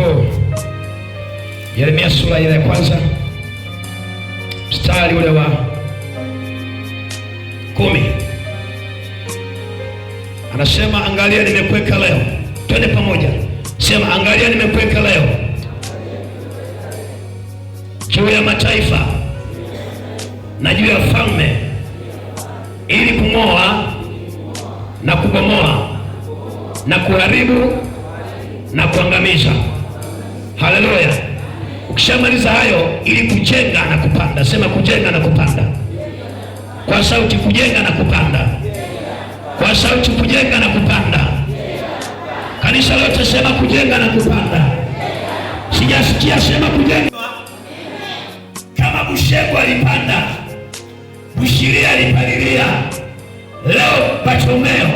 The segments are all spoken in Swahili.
Ndipo Yeremia sura ile ya kwanza mstari ule wa kumi anasema, angalia nimekuweka leo. Twende pamoja, sema angalia nimekuweka leo juu ya mataifa na juu ya falme, ili kung'oa na kubomoa na kuharibu na kuangamiza Haleluya! Ukishamaliza hayo, ili kujenga na kupanda, sema kujenga na kupanda kwa sauti, kujenga na kupanda kwa sauti, kujenga na kupanda. Kanisa lote sema kujenga na kupanda. Sijasikia sema kujenga. Kama Bushegu alipanda, Bushiria alipalilia, leo Bartolomeo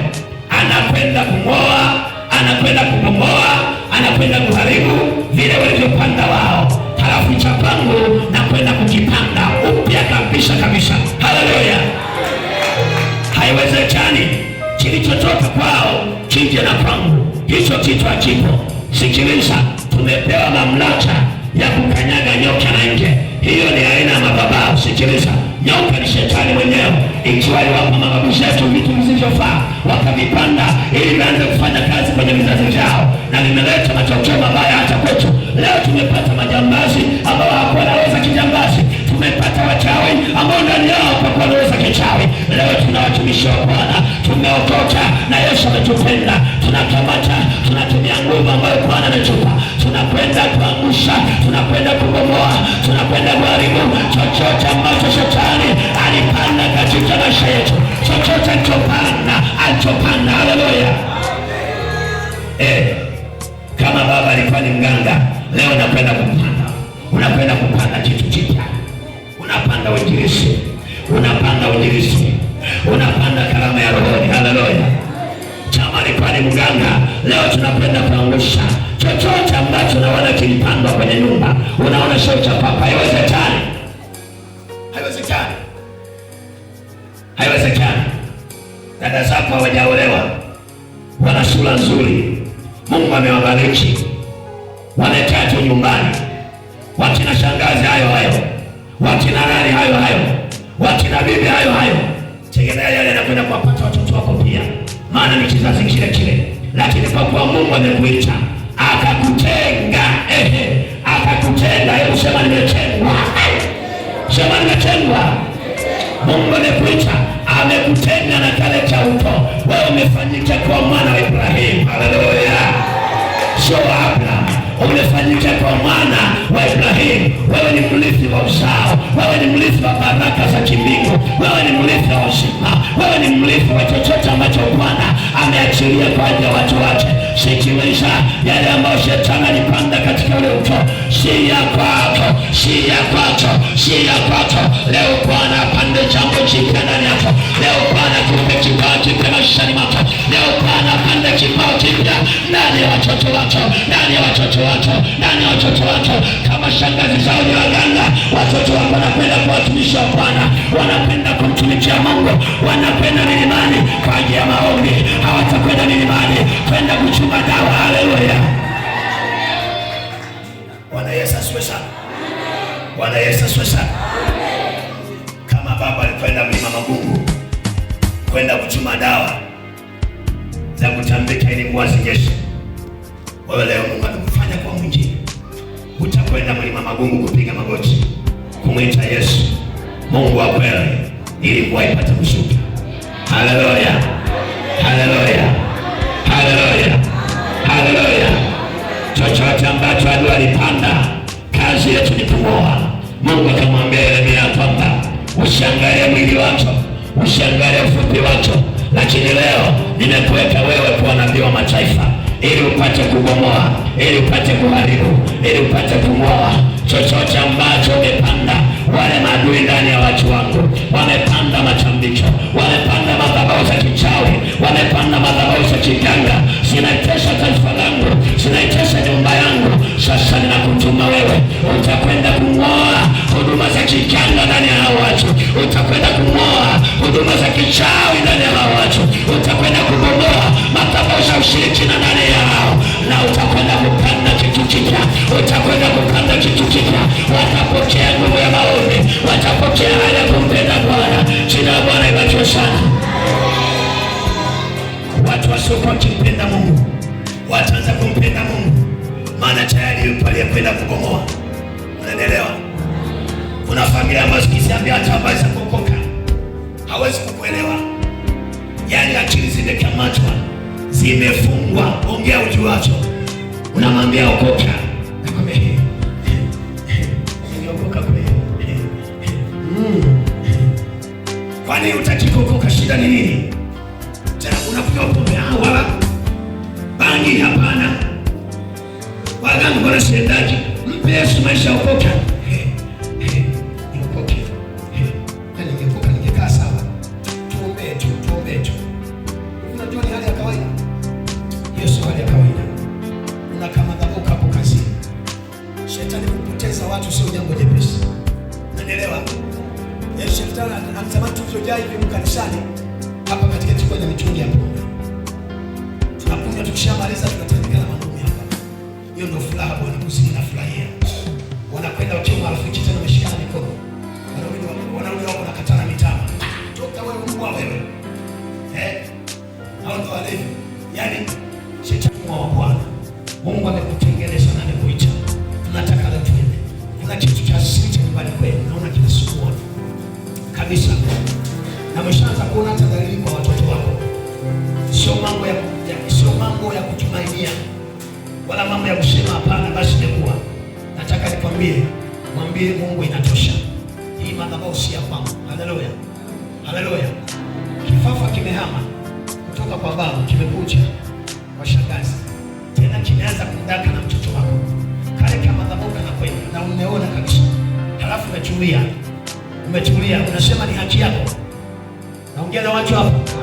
anakwenda kung'oa, anakwenda kubomoa anakwenda kuharibu vile walivyopanda wao, halafu cha kwangu na kwenda kukipanda upya kabisa kabisa. Haleluya! Haiwezekani kilichotoka kwao kije na kwangu, hicho kitu hakipo. Sikiliza, tumepewa mamlaka ya kukanyaga nyoka na nje Hiyo ni aina ya mababao. Sikiliza, nyoka ni shetani mwenyewe ikiwa iwapo mababushatu vitu visivyofaa wakavipanda ili vianze kufanya kazi kwenye vizazi vyao, na limeleta matokeo mabaya hata kwetu leo. Tumepata majambazi ambao hawakuwa wanaweza kijambazi, tumepata wachawi ambao ndani yao hapakuwa wanaweza kichawi. Leo tuna watumishi wa Bwana tumeokoka na Yesu ametupenda, tunakamata, tunatumia nguvu ambayo Bwana ametupa, tunakwenda kuangusha, tunakwenda kubomoa, tunakwenda kuharibu chochote chochote alichopanda alichopanda. Haleluya, eh, kama baba alikuwa ni mganga, leo napenda kupanda, unapenda kupanda kitu kipya, unapanda ujirisi, unapanda ujirisi, unapanda karama ya rohoni. Haleluya, chama alikuwa ni mganga, leo tunapenda kuangusha chochote ambacho unaona kilipandwa kwenye nyumba, unaona sio cha papa. Haiwezekani, haiwezekani, haiwezekani dada zako hawajaolewa, wana sura nzuri, Mungu amewabariki, wanachachu nyumbani, watina shangazi hayo hayo, watina nani hayo hayo, watina bibi hayo hayo. Tegemea yale yanakwenda kuwapata watoto wako pia, maana ni kizazi kile kile, lakini kwa kuwa Mungu amekuita akakutenga, ehe, akakutenga. Hebu sema nimetengwa, sema nimetengwa. Mungu amekuita amekutenga na kale cha uto. Wewe umefanyika kwa mwana wa Ibrahimu. Haleluya! Sio Abraham, umefanyika kwa mwana wa Ibrahimu. Wewe ni mrithi wa uzao, wewe ni mrithi wa baraka za kimbingu, wewe ni mrithi wa uzima, wewe ni mrithi wa chochote ambacho Bwana ameachilia kwa ajili ya watu wake. Sikiliza yale ambayo shetani alipanda katika ule uto, si ya kwako, si ya kwako, si ya kwako. Leo Bwana kiumbe chako kipya ndani yako leo. Bwana kiumbe kibao kipya maishani mwako leo. Bwana panda kibao kipya ndani ya watoto wako, ndani ya watoto wako, ndani ya watoto wako. Kama shangazi zao ni waganga, watoto wako wanapenda kuwatumisha Bwana, wanapenda kumtumikia Mungu, wanapenda milimani kwa ajili ya maombi. Hawatakwenda milimani kwenda kuchuma dawa. Haleluya! Bwana Yesu asifiwe sana. Bwana Yesu asifiwe sana kwenda mlima Magugu kwenda kuchuma dawa za kutambika ili muasi jeshi. Wewe leo Mungu anakufanya kwa mwingine, utakwenda mlima Magugu kupiga magoti kumwita Yesu Mungu wa kweli, ili mvua ipate kushuka. Haleluya, haleluya, haleluya, haleluya! Chochote ambacho adui alipanda, kazi yetu ni kung'oa. Mungu akamwambia Yeremia kwamba ushangalie mwili wako, ushangalie ufupi wako, lakini leo nimekuweka wewe kuwa nabii wa mataifa ili upate kugomoa, ili upate kuharibu, ili upate kung'oa chochote ambacho umepanda. Wale maadui ndani ya watu wangu wamepanda machambicho wamepanda madhabahu za kichawi, wamepanda madhabahu za kiganga, zinaitesha taifa langu, zinaitesha utakwenda kung'oa huduma za kichawi ndani ya hao watu, utakwenda kubomoa madhabahu za ushirikina ndani yao, na utakwenda kupanda kitu kipya, utakwenda kupanda kitu kipya. Watapokea nguvu ya maombi, watapokea hali ya kumpenda Bwana. Jina la Bwana ibarikiwe sana. Watu wasiokuwa wakimpenda Mungu wataanza kumpenda Mungu, maana tayari yupo aliyekwenda kubomoa. Unanielewa? Kuna familia ambazo kisiambia hata hawezi kuokoka, hawezi kukuelewa, Yani akili zimekamatwa, zimefungwa. Ongea ujuacho, unamwambia okoka, okoka mm. kwani utaki kuokoka? Shida ni nini? Tena unakuja pombe ah, wala bangi? Hapana, waganga wanasemaje? Mpe Yesu maisha, okoka. vita ni kupoteza watu, sio jambo jepesi. Unanielewa? Yaani shetani anatamani tulivyojaa hivi mkanisani hapa katika katikati kwenye mitungi hapo. Tunapunga tukishamaliza tunatandika na mambo hapa. Hiyo ndio furaha Bwana kusikia na furahia. Wanakwenda wakiwa marafiki tena wameshikana mikono. Wanarudi wako wanarudi wako nakatana mitano. Toka wewe Mungu wa wewe. Eh? Hao ndio wale. Yaani shetani wa Bwana. mambo ya kutumainia wala mambo ya kusema hapana, basi nimekuwa. Nataka nikwambie, mwambie Mungu inatosha. Hii madhabahu si ya kwangu. Haleluya, haleluya. Kifafa kimehama kutoka kwa baba kimekuja kwa shangazi, tena kimeanza kudaka na mtoto wako kale kama madhabahu kana kwenda na umeona kabisa, halafu umechulia, umechulia, unasema ni haki yako. Naongea na watu hapo